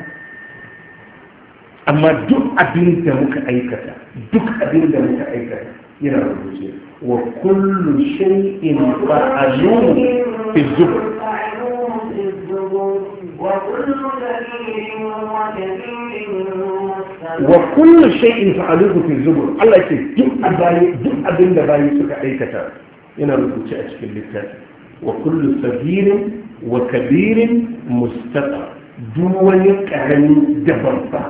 amma duk abin da muka aikata duk abin da muka aikata yana rubuce wa kullu shay'in fa'alun fi zubur wa kullu wa kullu shay'in fa'aluhu fi zubur Allah ce duk abin duk suka aikata yana rubuce a cikin littafi wa kullu sabirin wa kabirin mustaqa duk wani karami da babba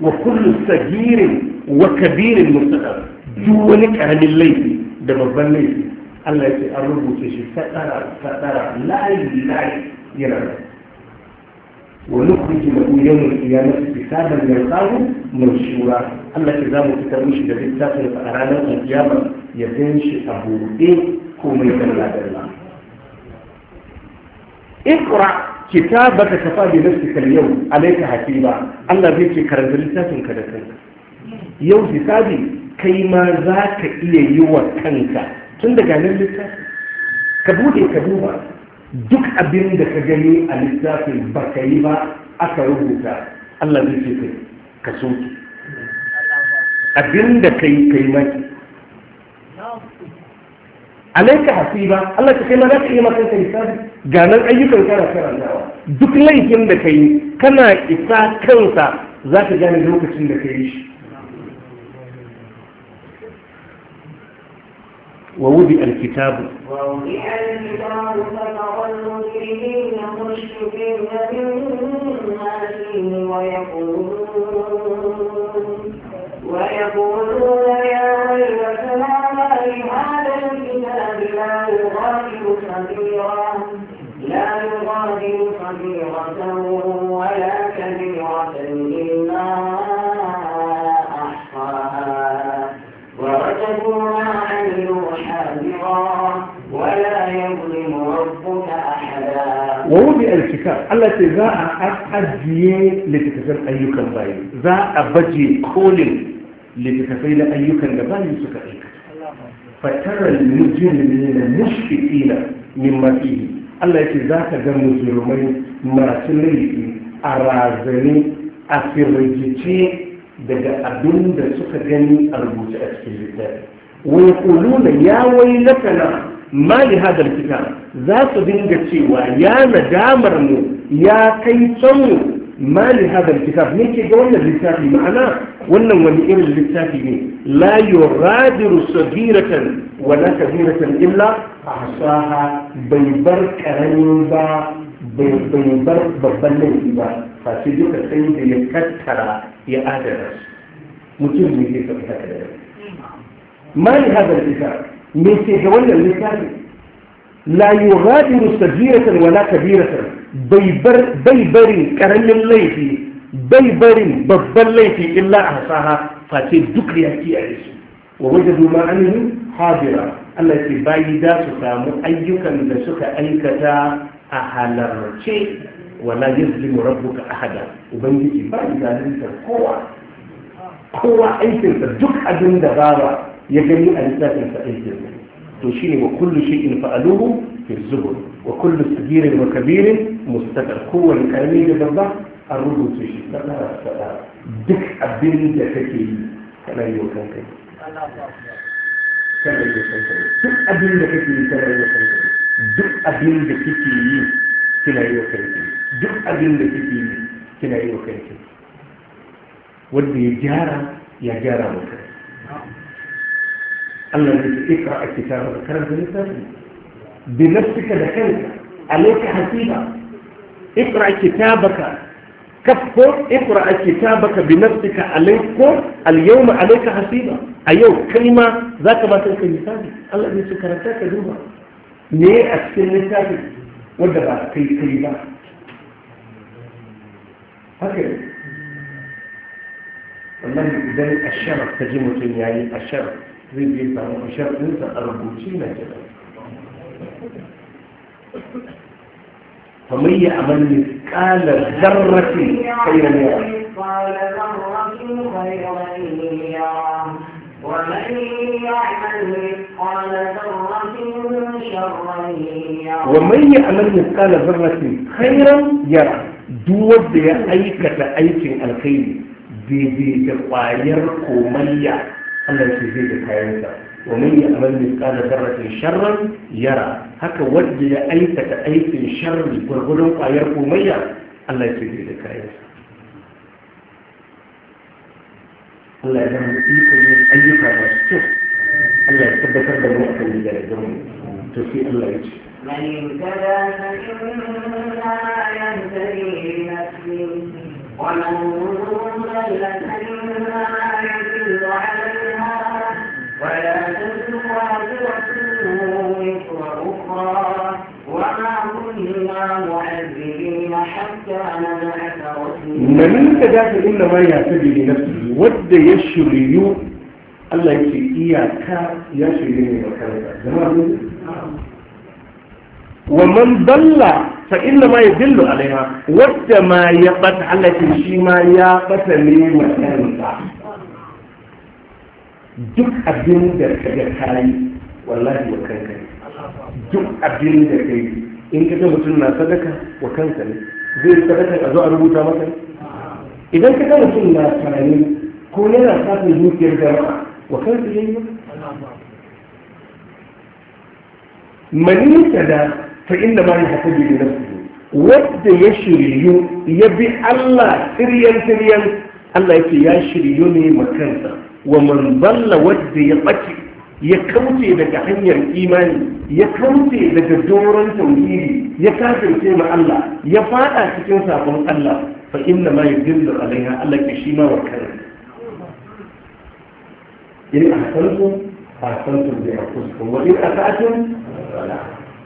wa kullu sabirin wa kabirin mustaqa duk wani karamin laifi da babban laifi Allah ya ce an rubuce shi fadara fadara layi layi yana wani kuɗi da ƙungiyar mulki ya nufi bisanin da samu mulkura Allah ke zamu fitar mishi da littafin a ranar kiyama ya gan shi a buɗe ko mai dalla dalla Iqra kitabaka kafa bi nafsika al-yawm alayka hakima Allah zai ce karanta littafin ka da kanka yau hisabi kai ma za ka iya yi wa kanka tun daga nan littafin ka bude ka duba duk abin da ka gani a littafin ba ka yi ba aka rubuta Allah zai ce kai ka ki abin da ka yi ka yi maki alaika hasiba Allah ka kai ma za ka yi maka ka lissafi ga nan ayyukan kana karantawa duk laifin da ka yi kana isa kansa za ka gane lokacin da ka yi shi ووضع الكتاب الكتاب فترى ويقولون ويقولون يا الكتاب لا يغادر لا يغادر صغيرة wa wudi alkitab Allah ce za a ajiye littattafan ayyukan bayi za a baje kolin littattafai na ayyukan da bayi suka aikata fataral mujrimina mushfiqina mimma fihi Allah yake za ka ga mujrimai masu laifi a razane a firgice daga abin da suka gani a rubuce a cikin littafi wa yaquluna ya waylatana ma li hadal kitab za su dinga cewa ya nadamar mu ya kai can mu ma li hadal kitab ne ke ga wannan littafi ma'ana wannan wani irin littafi ne la yuradiru sabiratan wa la kabiratan illa ahsaha bai bar karami ba bai bai bar babban laifi ba face duka sai da ya tattara ya adana mutum ne ke sauka da ma li hadal kitab me ke ga wannan littafi la yughadiru sajiratan wala kabiratan bai bar bai barin karamin laifi bai barin babban laifi illa ahsaha face duk ya kiyaye su wa wajadu ma amilu hadira Allah ke bayi da su samu ayyukan da suka aikata a halarce wala yazlimu rabbuka ahada ubangiji ba zalunta kowa kowa aikinsa duk abin da bawa ya gani a littafin sa aikin to shi ne wa kullu in fa'aluhu fi zubur wa kullu sagirin wa kabirin mustaqar kowane karami da babba an rubuta shi na tsara duk abin da kake yi kana yi wa kanka kana yi wa kanka duk abin da kake yi kana yi wa kanka duk abin da kake yi kina yi wa kanki duk abin da kike yi kina yi wa kanki wanda ya gyara ya gyara maka الله تقرأ الكتاب الكلام ده لسه بنفسك دخلت عليك حسيبة اقرأ كتابك كفر اقرأ كتابك بنفسك عليك اليوم عليك حسيبة أيوه كلمة ذاك ما تلك النسابي الله يقول كرتاك دوبا ليه أكثر النسابي ودبا كي كلمة هكذا والله إذا الشرف تجي متن الشرف zai biya samun ishar ɗinsa a rubuce na jira kamar yi a ومن يعمل مثقال ذرة شرا ومن يعمل مثقال ذرة خيرا يرى دوب يا أيكة أيكة الخير دي دي تقاير كومية التي زيد كائنك ومن يأمل مثقال ذرة شرا يرى هكا ودي أيتك أيت شر برغلو قايرك ميا الله يزيد كائنك الله يجعل فيك أي فرصة شوف الله يتبقى هذا الوقت اللي جاي جرم توفي الله يجزيكم من ابتدى فإنما ينتهي لنفسه ومن ضل فإنما يضل على ولا تنسوا عدوكم أخرى وما كنا معذبين حتى نبعث من انت جاهل الا ما يعتدي لنفسه ود يشري الله يشري اياك يشري من مكانك ومن ضل فانما يدل عليها ود ما يقت على شيء ما يقت لي مكانك duk abin da ka ga kayi wallahi wa kanka ne duk abin da ka yi in ka ga mutum na sadaka wa kanka ne zai sadaka a zo a rubuta maka idan ka ga mutum na tunani ko yana samun dukiyar jama'a wa kanka ne yi mani da ta inda ma ya haka bi da nafsu wadda ya shiryu ya bi Allah tiryan tiryan Allah yake ya shiryu ne makansa ومن ضل وجد يطك يكمتي لك حني الإيمان يكمتي لك دورا تنهيري يكافر سيما الله يفعل أكتن سابقا الله فإنما يدل عليها الله كشيما وكرم إن أحسنتم أحسنتم لأنفسكم وإن أفعتم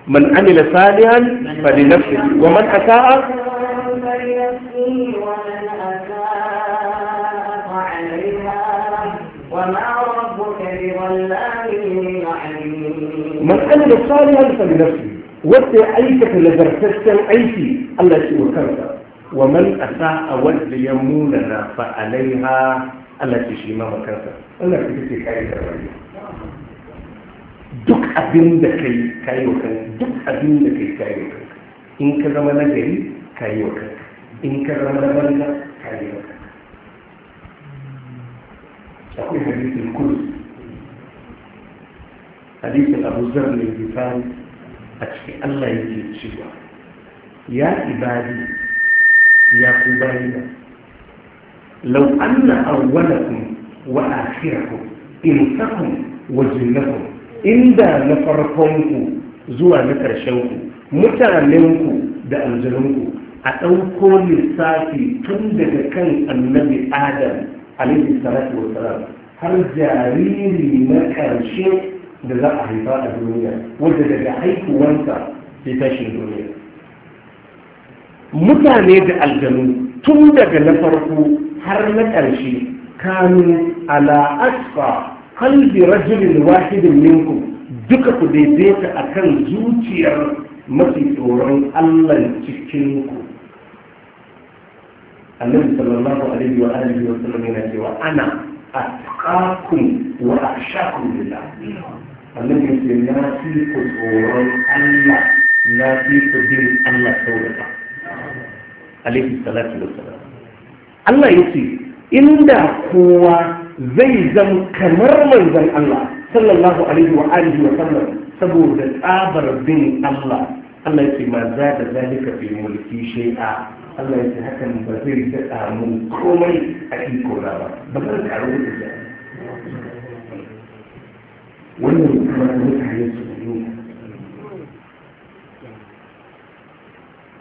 من عمل صالحا فلنفسه ومن أساء فلنفسه ومن أساء وما ربك بظلام من قلب الصالح فلنفسه وابدع الله شو كرده ومن اساء ود يموننا فعليها الله شو شيما وكرده الله شو شيما وكرده duk abin da kai kai wa kanka duk abin da kai kai wa kanka in ka zama nagari akwai hadisin Kudu. hadisin abu zar ne a cikin allah yake cewa ya ibadi ya ku bayina lau anna awwalakum wa akhirakum insakum wa jinnakum inda na farkonku zuwa na ƙarshenku mutanenku da aljanunku a ɗauko lissafi tun daga kan annabi adam alaihi salatu wa salam har jariri na ƙarshe da za a haifa a duniya wadda daga haihuwansa sai tashin duniya mutane da aljanu tun daga na farko har na ƙarshe kanu ala asfa kalbi rajulin wahidin minku duka ku daidaita akan zuciyar mafi tsoron allah cikinku annabi sallallahu alaihi wa alihi wa sallam yana cewa ana atqakum wa akhshakum lillah annabi ce na fi ku tsoron Allah na fi ku bin Allah saurata alaihi salatu wa sallam Allah ya ce inda kowa zai zama kamar manzon Allah sallallahu alaihi wa alihi wa sallam saboda tsabar bin Allah Allah ya ce ma za da zalika fi mulki shay'a Allah ya ce hakan ba zai daɗa mun komai a iko na ba ba zan karo da shi wannan kuma mutane su yi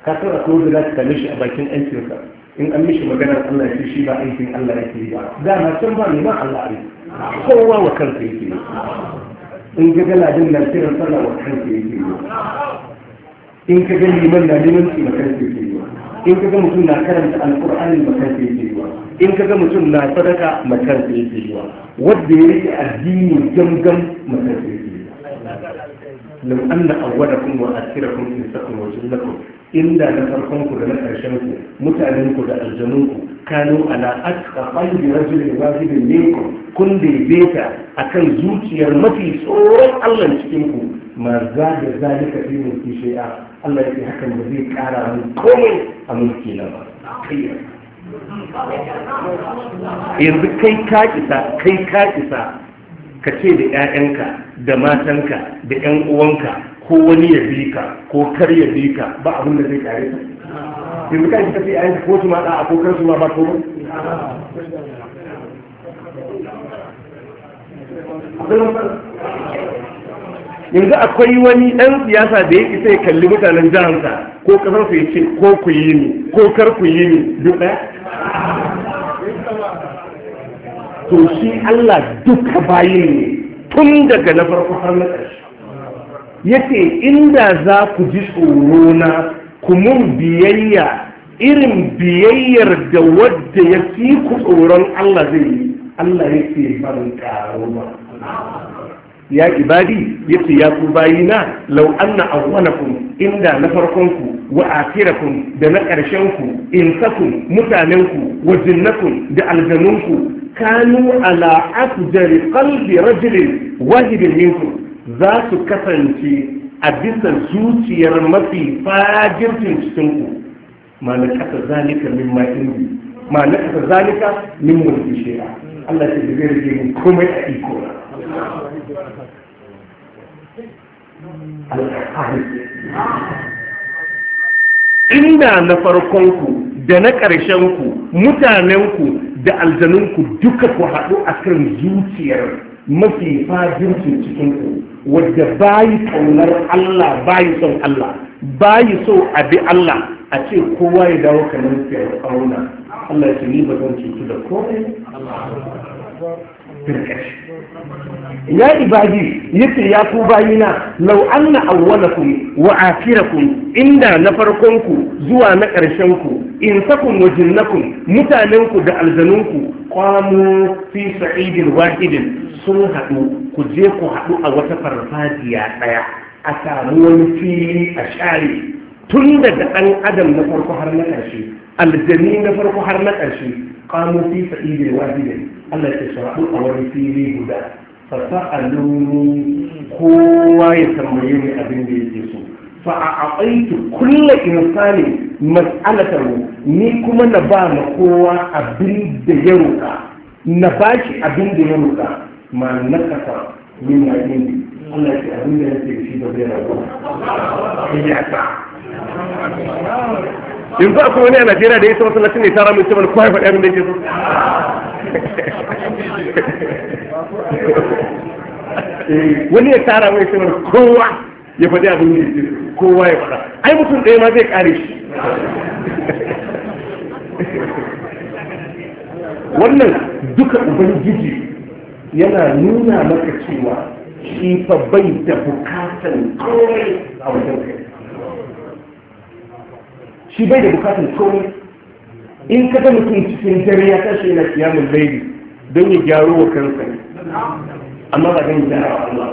ka san a kowa da za ka shi a bakin aikinsa in an mishi maganar Allah ya ce shi ba aikin Allah yake ba dama can ba neman Allah ne kowa wa kansa yake in ga galadin nan kiran sallah wa kansa yake in ka ga ban na limanci ba kai ke yiwa in ka ga mutum na karanta alkur'ani ba kai ke yiwa in ka ga mutum na sadaka ba kai ke yiwa wanda ya rike addini gangan ba kai ke yiwa lam anna awwalakum wa akhirakum in sakum wa inda na farkon ku da na karshen ku mutanen ku da aljanun ku kanu ala atqa qalbi rajulin wahidin minkum kun daidaita akan zuciyar mafi tsoron Allah cikin ku ma za da zalika fi mulki shay'a Allah yake hakan ba zai kara mun komai a mulki na ba yanzu kai ka kai ka ka ce da 'ya'yanka da matanka da 'yan uwanka ko wani ya bi ka ko kar ya bi ka ba abin da zai kare ka yanzu ka ce sai 'ya'yanka ko su ma da'a ko kar su ma ba komai a yanzu akwai wani ɗan siyasa da ya isa ya kalli mutanen jihansa ko ƙasar su ce ko ku yi ni ko kar ku yi ni duk ɗaya to shi Allah duka bayin ne tun daga na farko har na ƙarshe yake inda za ku ji tsoro na ku mun biyayya irin biyayyar da wadda ya fi ku tsoron Allah zai yi Allah yake ce ban ƙaro ba ya ibadi yace ya ku bayina law anna awwalakum inda na farkon ku, wa akhirakum da na ku, in karshenku insakum mutanenku wa jinnakum da ku kanu ala afjari qalbi rajulin wahidin minkum za su kasance a bisa zuciyar mafi fajircin cikinku ma na kasa zalika min ma'indi ma na kasa zalika min mulki shi'a Allah ya zai rage komai a iko inda na farkonku da na ƙarshenku mutanenku da aljanunku duka ku haɗu a kan zuciyar mafi fajirci cikinku wadda bayi ƙaunar Allah bayi son Allah bayi so a bi Allah a ce kowa ya dawo kanin fir'auna Allah ya ce ni ba zan cutu da ya ibadi yace ya ku bayina law anna awwalakum wa akhirakum inda na farkon ku zuwa na ƙarshen ku in sakun wa jinnakum mutanen ku da aljanun ku qamu fi sa'idin wahidin sun haɗu ku je ku haɗu a wata farfajiya ɗaya a samu wani fili a share tun daga ɗan adam na farko har na ƙarshe aljani na farko har na ƙarshe qamu fi sa'idin wahidin Allah ya ce a wani fili guda fasa'aluni kowa ya tambaye ni abin da yake so fa a aƙaitu kulla insani mas'alatahu ni kuma na ba ma kowa abin da ya roƙa na ba shi abin da ya roƙa ma na kasa min yaƙin Allah ya ce abin da ce shi da zai rabu ya ta yanzu akwai wani a Najeriya da ya sa masallacin ne tara mai cewa kwaifa ɗaya da yake so Eh, wani ya tara mai sanar kowa ya faɗi abin da kowa ya faɗa ai mutum ɗaya ma zai kare shi wannan duka ubangiji yana nuna maka cewa shi fa bai da bukatan komai a wajen kai shi bai da bukatan komai in ka ta mutum cikin dare ya tashi yana kiyamun laili don ya gyaro wa kansa ne amma ba don gyara wa Allah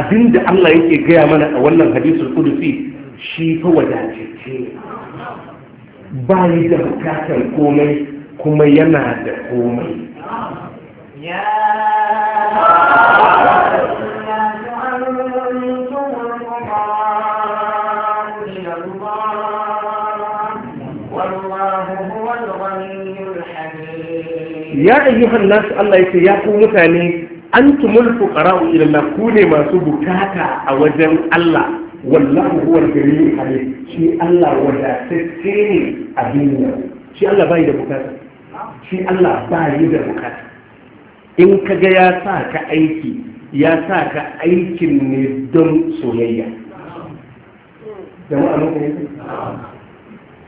abinda Allah yake gaya mana a wannan hadisul kudusi shi fa wadace ce ba yi da bukatar komai kuma yana da komai [LAUGHS] ya ayyuhan nasu Allah ya ce ya ku mutane antumul fuqara ila Allah ku ne masu bukata a wajen Allah wallahu huwa al-ghaniyyu shi Allah wadatacce ne a duniya shi Allah bai da bukata shi Allah bai da bukata in kaga ya sa ka aiki ya sa ka aikin ne don soyayya jama'a mun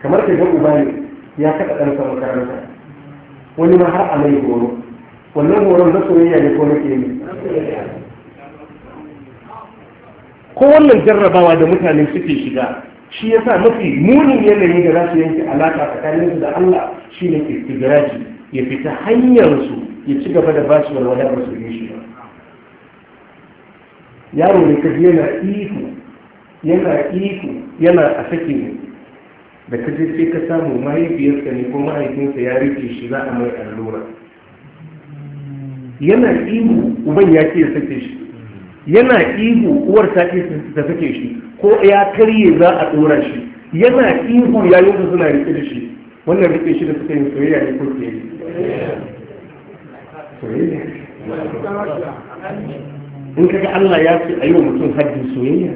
kamar kai ga ubani ya kada dan sa makaranta wani ma har a mai horo wannan horon na soyayya ne ko na ke ne ko wannan jarrabawa da mutane suke shiga shi yasa mafi munin yanayi da za su yanke alaƙa tsakanin su da Allah shi ne ke tigiraji ya fita hanyar su ya ci gaba da basu walwala ba su yi shi yaro ne ka yana ihu yana ihu yana a sake da ka je sai ka samu mahaifiyarsa ne ko mahaifinsa ya rike shi za a mai allura yana ihu uban ya ke sake shi yana ihu uwar ta ke ta sake shi ko ya karye za a dora shi yana ihu yayin da suna rike da shi wannan rike shi da suka yi soyayya ne ko ke yi soyayya in kaga Allah ya ce a yi wa mutum haddin soyayya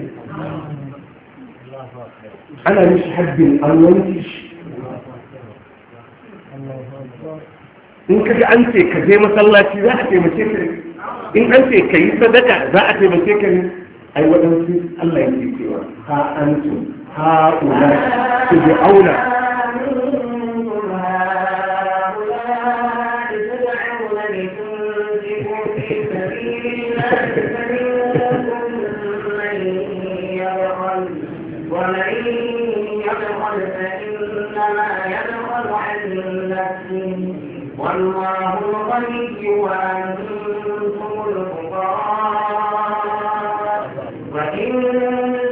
ana mishi haddin an wanke shi in ka ga an ce ka je masallaci za a taimake ka in an ce ka yi sadaka za a taimake ka ne ai waɗansu Allah ya ke cewa ha antum ha ula su bi auna الله الغني وأنتم الفقراء وإن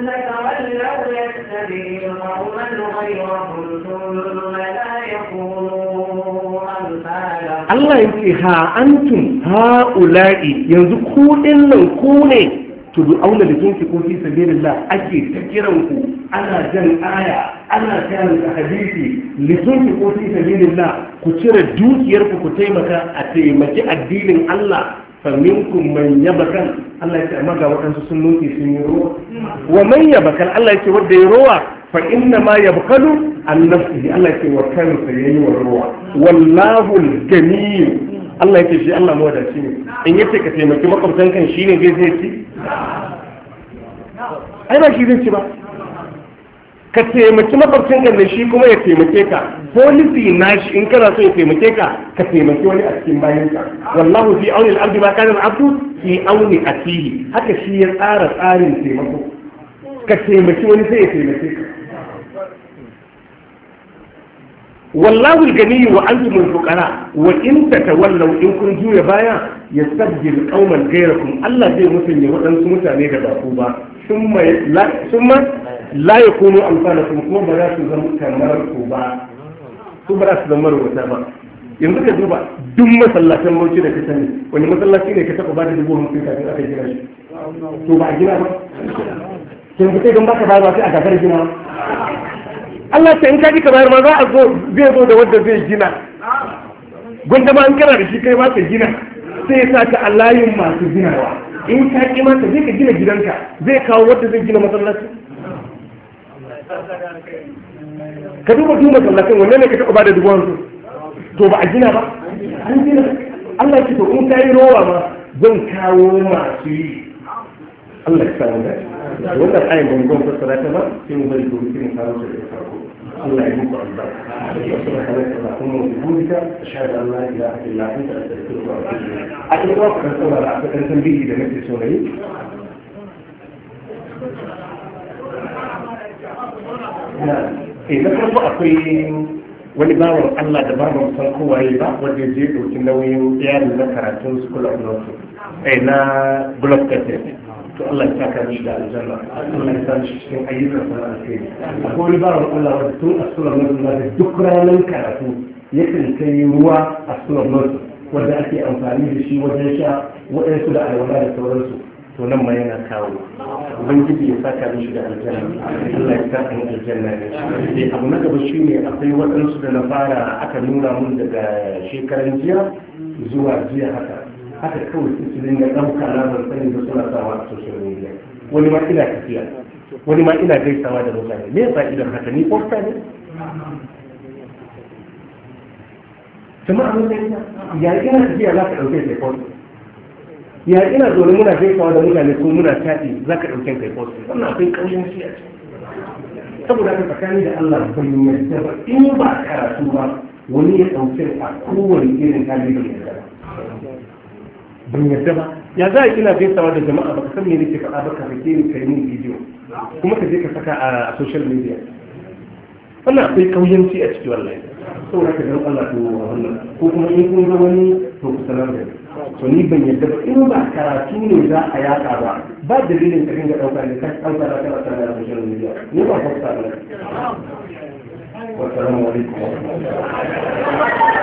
تتولوا يستبدل قوما غيركم ثم لا يكونوا أمثالكم الله يقول ها أنتم هؤلاء ينزقون إلا كوني tudu'auna da jinsi ko fi sabilillah ake ta kiran ku ana jan aya ana kiran ka hadisi li jinsi ko fi sabilillah ku cire dukiyar ku ku taimaka a taimaki addinin Allah fa minkum man yabakal Allah ya ce amma ga waɗansu sun nuke sun yi rowa wa man yabakal Allah ya ce wanda ya rowa fa inna ma yabkalu an nafsihi Allah ya ce wa kansa yayi wa rowa wallahu al-ganiy Allah yake shi Allah mawadaci ne in ce ka taimaki makwabtan kan shi ne zai zai ci ai ba shi zai ci ba ka taimaki makwabtan kan ne shi kuma ya taimake ka policy na shi in kana so ya taimake ka ka taimaki wani a cikin bayan ka wallahu fi auni al ba, ma kana al-abdu fi auni atihi haka shi ya tsara tsarin taimako ka taimaki wani sai ya taimake ka wallahu al wa antum al-fuqara wa in tatawallaw in kun juya baya yastabdil qauman ghayrakum Allah zai musanya waɗansu mutane da ba ku ba summa summa la yakunu amsalakum kuma ba za su zama kamar ku ba su ba za su zama rubuta ba yanzu ka duba duk masallacin bauchi da ka sani wani masallaci ne ka taɓa ba da dubu hamsin kafin aka gina shi to ba a gina ba yanzu kai don baka ba za sai a gafar gina ba Allah ta in ka ji ka bayar ma za a zo zai zo da wanda zai gina gwanda ma an kana da shi kai ma ka gina sai ya sa ka a layin masu ginawa in ka ki ma ka zai ka gina gidanka zai kawo wanda zai gina masallaci ka duba duk masallacin wanne ne ka taɓa ba da dubu hamsin to ba a gina ba an gina Allah ce to in ka yi rowa ma zan kawo masu yi الله يسامحنا وانت الحين بنقوم في الصلاه كمان في مبادئ بوليسيه من خارج الله يجيب الضرب اشهد ان لا اله الا الله انت استغفرك ربي حتى توقف انت تنبيه اذا ما تسوي إذا كنت أقيم ولباو الله دبابا مصنقوا ويبا وديزيد وكنوي وديان المكرة تنس كل أبنوته إنا بلوكتين to Allah ya saka shi da aljanna Allah ya saka shi cikin ayyukan sa alheri akwai wani bawan Allah wanda tun a surar da duk ranar karatu yakan kai ruwa a surar nasu wanda ake amfani da shi wajen sha waɗansu da alwala da sauransu to nan ma yana kawo ubangiji ya saka mishi shiga aljanna Allah ya saka mu aljanna ne eh abu na gaba shine akwai waɗansu da na fara aka nuna mun daga shekaran jiya zuwa jiya haka haka kawai su su dinga ɗauka na ban da suna sawa a social media wani ma ina tafiya wani ma ina gaisawa da mutane me yasa idan haka ni posta ne kuma abin da ya ina tafiya za ka ɗauke kai posta ya ina zaune muna gaisawa da mutane ko muna tafi za ka ɗauke kai posta wannan akwai ƙauyen shi a saboda haka tsakani da Allah bai yarda ba in ba karatu ba wani ya ɗauke a kowane irin hali da yarda ban yarda ba ya za a ina gaisawa da jama'a ba ka san me nake faɗa ba ka rike ni kai min bidiyo kuma ka je ka saka a social media wannan akwai kauyanci a ciki wallahi saboda ka dan Allah to wannan ko kuma in kun ga wani to ku sanar da to ni ban yarda ba in ba karatu ne za a yaka ba ba dalilin ka dinga dauka ne ka dauka da kana sanar da social media ni ba fasta ba salamu alaikum